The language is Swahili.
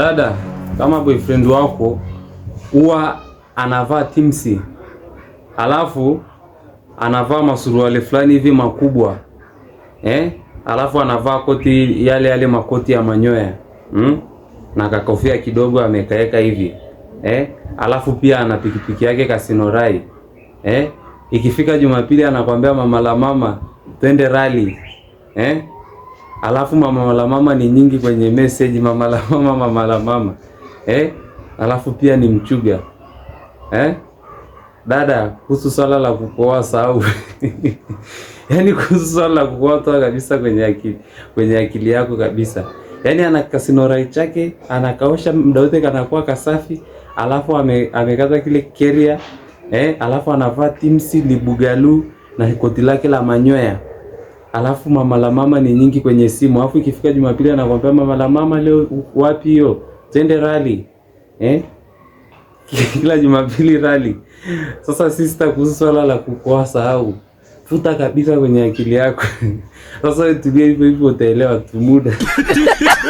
Dada, kama boyfriend wako huwa anavaa timsi alafu anavaa masuruali fulani hivi makubwa eh? alafu anavaa koti yale yale makoti ya manyoya hmm? na kakofia kidogo amekaeka hivi eh? alafu pia ana pikipiki yake kasinorai eh? ikifika Jumapili anakwambia mama la mama twende rally eh? alafu mama la mama ni nyingi kwenye message, mama la mama, mama la mama eh? Alafu pia ni mchuga eh? Dada, kuhusu swala la kukoa sahau yaani kuhusu swala la kukoa toa kabisa kwenye akili, kwenye akili yako kabisa. Yaani ana kasinorai chake anakaosha muda wote kanakuwa kasafi, alafu ame, amekata kile keria eh? Alafu anavaa timsi libugalu na koti lake la manyoya alafu mama la mama ni nyingi kwenye simu, alafu ikifika Jumapili anakwambia mama la mama leo wapi hiyo, twende rali eh? kila Jumapili rali. Sasa sista kuhusu swala la kukosa au futa kabisa kwenye akili yako sasa, tulie hivyo hivyo, utaelewa tu muda